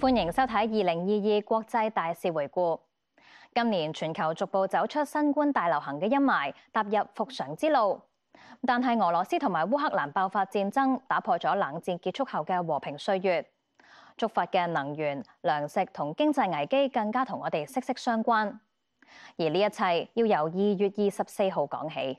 歡迎收睇二零二二國際大事回顧。今年全球逐步走出新冠大流行嘅陰霾，踏入復常之路，但係俄羅斯同埋烏克蘭爆發戰爭，打破咗冷戰結束後嘅和平歲月，觸發嘅能源、糧食同經濟危機更加同我哋息息相關。而呢一切要由二月二十四號講起。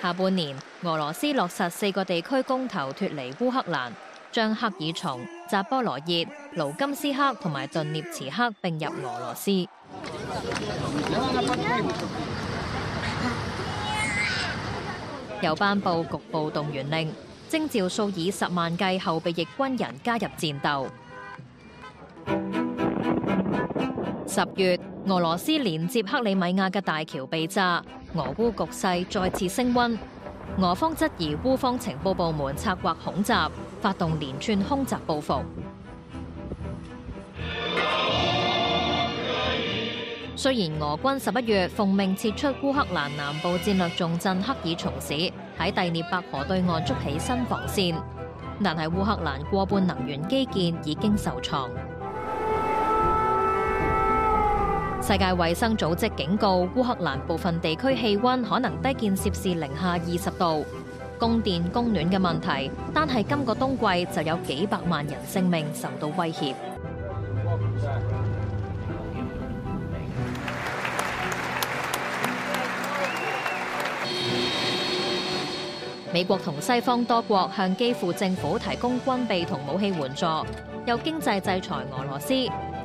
下半年，俄羅斯落實四個地區公投脱離烏克蘭，將赫爾松、扎波羅熱、盧甘斯克同埋頓涅茨克並入俄羅斯。又頒佈局部動員令，徵召數以十萬計後備役軍人加入戰鬥。十月，俄羅斯連接克里米亞嘅大橋被炸，俄烏局勢再次升温。俄方質疑烏方情報部門策劃恐襲，發動連串空襲報復。嗯。雖然俄軍十一月奉命撤出烏克蘭南部戰略重鎮克爾松市，喺第聶伯河對岸築起新防線，但係烏克蘭過半能源基建已經受創。世界衛生組織警告，烏克蘭部分地區氣温可能低見攝氏零下二十度，供電供暖嘅問題，單係今個冬季就有幾百萬人性命受到威脅。美國同西方多國向基輔政府提供軍備同武器援助，又經濟制裁俄羅斯。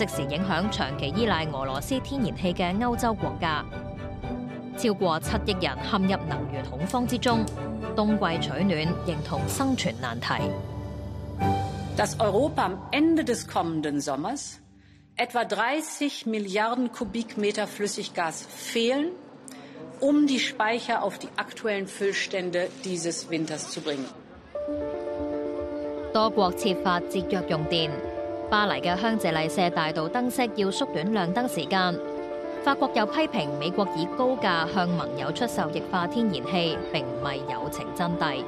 即時影響長期依賴俄羅斯天然氣嘅歐洲國家，超過七億人陷入能源恐慌之中，冬季取暖形同生存難題。多國設法節約用電。巴黎嘅香榭麗舍大道燈飾要縮短亮燈時間。法國又批評美國以高價向盟友出售液化天然氣，並唔係友情真諦。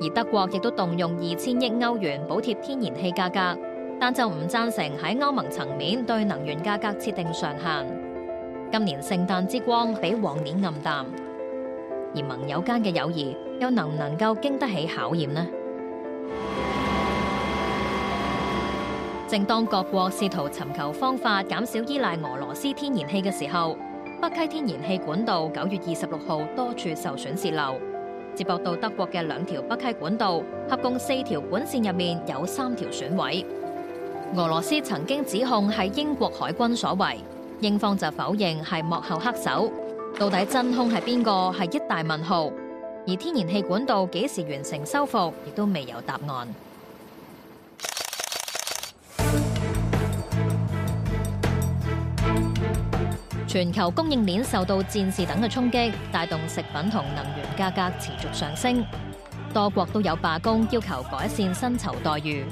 而德國亦都動用二千億歐元補貼天然氣價格，但就唔贊成喺歐盟層面對能源價格設定上限。今年聖誕之光比往年暗淡，而盟友間嘅友誼又能唔能夠經得起考驗呢？正當各國試圖尋求方法減少依賴俄羅斯天然氣嘅時候，北溪天然氣管道九月二十六號多處受損洩漏，接駁到德國嘅兩條北溪管道，合共四條管線入面有三條損毀。俄羅斯曾經指控係英國海軍所為，英方就否認係幕後黑手，到底真兇係邊個係一大問號。而天然氣管道幾時完成修復，亦都未有答案。全球供應鏈受到戰事等嘅衝擊，帶動食品同能源價格持續上升，多國都有罷工，要求改善薪酬待遇。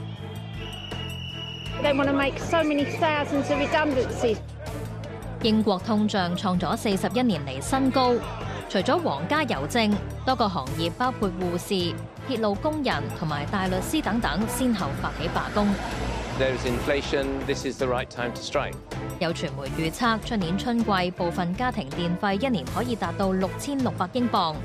So、英國通脹創咗四十一年嚟新高，除咗皇家郵政，多個行業包括護士，鐵路工人同埋大律師等等先後發起罷工。There is inflation, this is the right time to strike。有傳媒預測，出年春季部分家庭電費一年可以達到六千六百英鎊。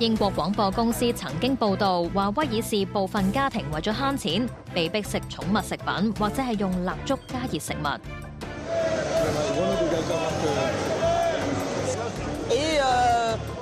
英國廣播公司曾經報道，話威爾士部分家庭為咗慳錢，被迫食寵物食品，或者係用蠟燭加熱食物。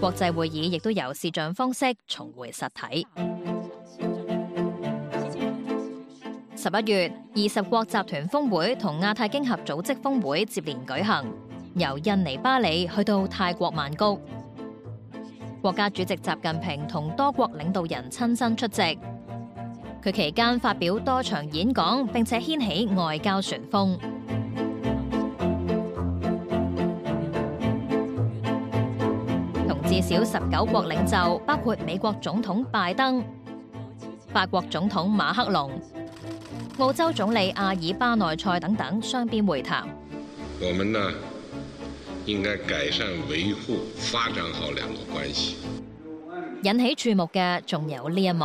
國際會議亦都由視像方式重回實體。十一月，二十國集團峰會同亞太經合組織峰會接連舉行，由印尼巴里去到泰國曼谷，國家主席習近平同多國領導人親身出席。佢期間發表多場演講，並且掀起外交旋風。至少十九國領袖，包括美國總統拜登、法國總統馬克龍、澳洲總理阿爾巴內塞等等，雙邊會談。我們呢應該改善、維護、發展好兩個關係。引起注目嘅仲有呢一幕。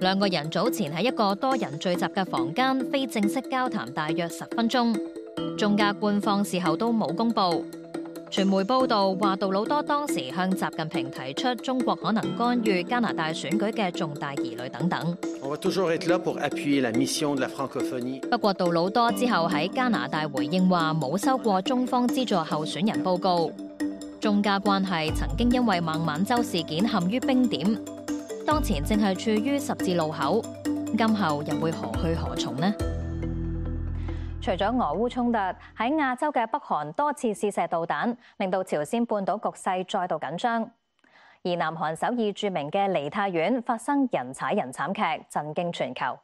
兩個人早前喺一個多人聚集嘅房間，非正式交談大約十分鐘。中加官方事後都冇公布。傳媒報道話，杜魯多當時向習近平提出中國可能干預加拿大選舉嘅重大疑慮等等。不過杜魯多之後喺加拿大回應話冇收過中方資助候選人報告。中加關係曾經因為孟晚舟事件陷於冰點。當前正係處於十字路口，今後又會何去何從呢？除咗俄烏衝突，喺亞洲嘅北韓多次試射導彈，令到朝鮮半島局勢再度緊張。而南韓首爾著名嘅梨泰院發生人踩人慘劇，震驚全球。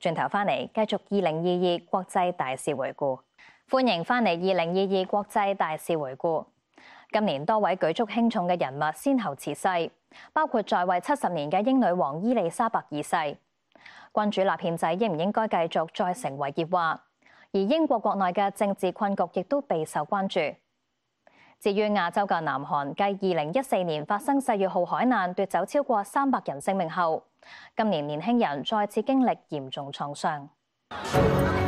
轉頭翻嚟，繼續二零二二國際大事回顧。歡迎翻嚟《二零二二國際大事回顧》。今年多位舉足輕重嘅人物先後辭世，包括在位七十年嘅英女王伊麗莎白二世。君主立憲制應唔應該繼續再成為熱話？而英國國內嘅政治困局亦都備受關注。至於亞洲嘅南韓，繼二零一四年發生世越號海難奪走超過三百人性命後，今年年輕人再次經歷嚴重創傷。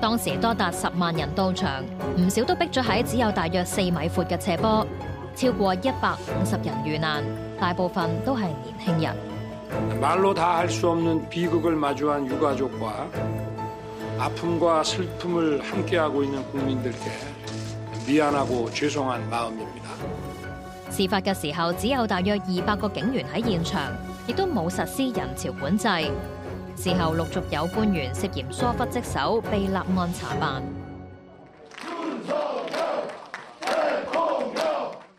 當時多達十萬人到場，唔少都逼咗喺只有大約四米闊嘅斜坡，超過一百五十人遇難，大部分都係年輕人。事發嘅時候，只有大約二百個警員喺現場，亦都冇實施人潮管制。事後陸續有官員涉嫌疏忽職守被立案查辦。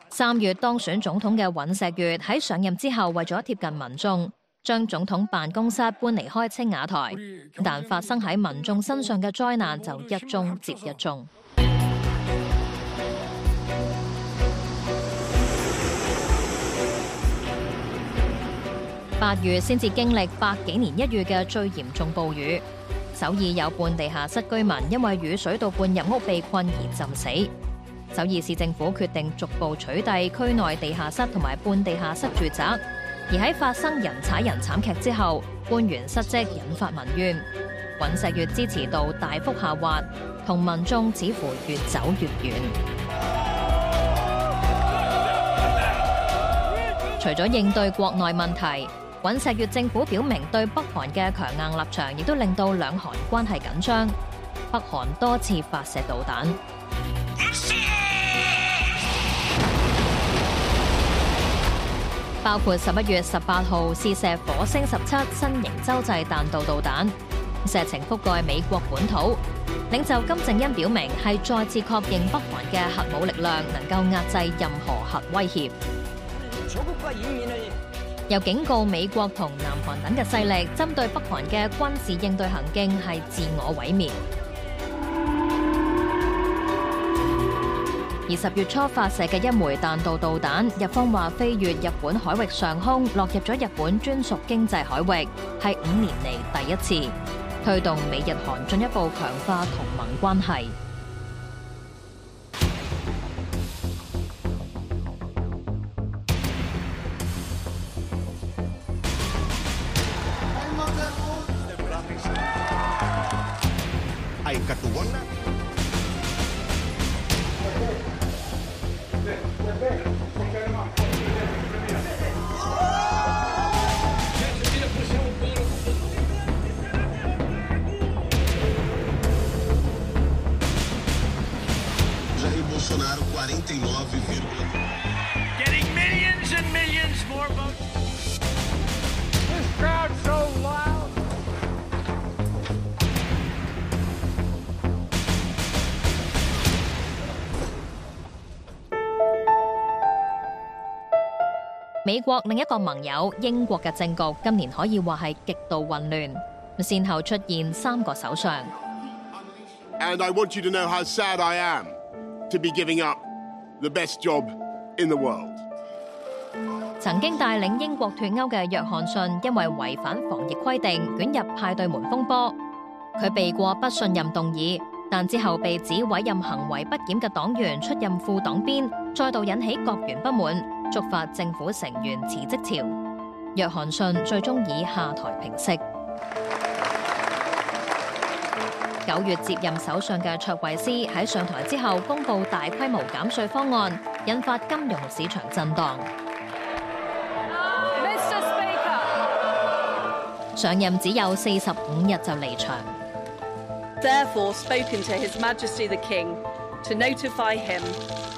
三月當選總統嘅尹錫悦喺上任之後，為咗貼近民眾，將總統辦公室搬離開青瓦台，但發生喺民眾身上嘅災難就一宗接一宗。八月先至經歷百幾年一遇嘅最嚴重暴雨，首爾有半地下室居民因為雨水倒灌入屋被困而浸死。首爾市政府決定逐步取締區內地下室同埋半地下室住宅。而喺發生人踩人慘劇之後，官員失職引發民怨，尹錫悅支持度大幅下滑，同民眾似乎越走越遠。除咗應對國內問題。尹錫悅政府表明對北韓嘅強硬立場，亦都令到兩韓關係緊張。北韓多次發射導彈，包括十一月十八號試射火星十七新型洲際彈道導彈，射程覆蓋美國本土。領袖金正恩表明係再次確認北韓嘅核武力量能夠壓制任何核威脅。又警告美國同南韓等嘅勢力，針對北韓嘅軍事應對行徑係自我毀滅。而十月初發射嘅一枚彈道導彈，日方話飛越日本海域上空，落入咗日本專屬經濟海域，係五年嚟第一次，推動美日韓進一步強化同盟關係。美國另一個盟友英國嘅政局今年可以話係極度混亂，先後出現三個首相。And I want you to know how sad I am to be giving up the best job in the world. 曾經帶領英國脱歐嘅約翰遜，因為違反防疫規定，捲入派對門風波。佢避過不信任動議，但之後被指委任行為不檢嘅黨員出任副黨鞭，再度引起閣員不滿。觸發政府成員辭職潮，約翰遜最終以下台平息。九月接任首相嘅卓慧思喺上台之後公布大規模減稅方案，引發金融市場震盪。上任只有四十五日就離場。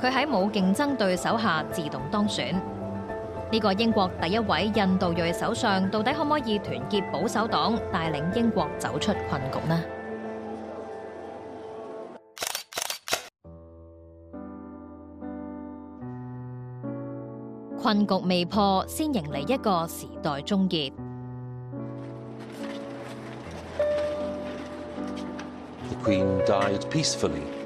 佢喺冇競爭對手下自動當選，呢個英國第一位印度裔首相到底可唔可以團結保守黨，帶領英國走出困局呢？困局未破，先迎嚟一個時代終結。The Queen died peacefully.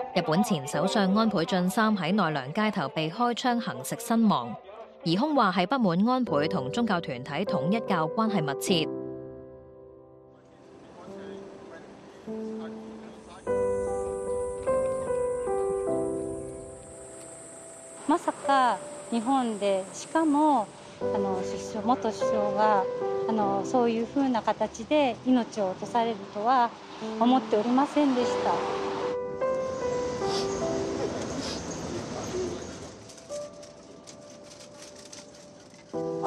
日本前首相安倍晉三喺奈良街頭被開槍行刺身亡，疑兇話係不滿安倍同宗教團體統一教關係密切。まさか日本で、しかも元首相がそういう,ふうな形で命を落とされるとは思っておりませんでした。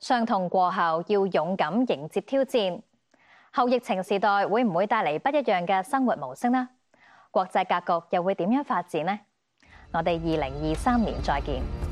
傷痛過後，要勇敢迎接挑戰。後疫情時代會唔會帶嚟不一樣嘅生活模式呢？國際格局又會點樣發展呢？我哋二零二三年再見。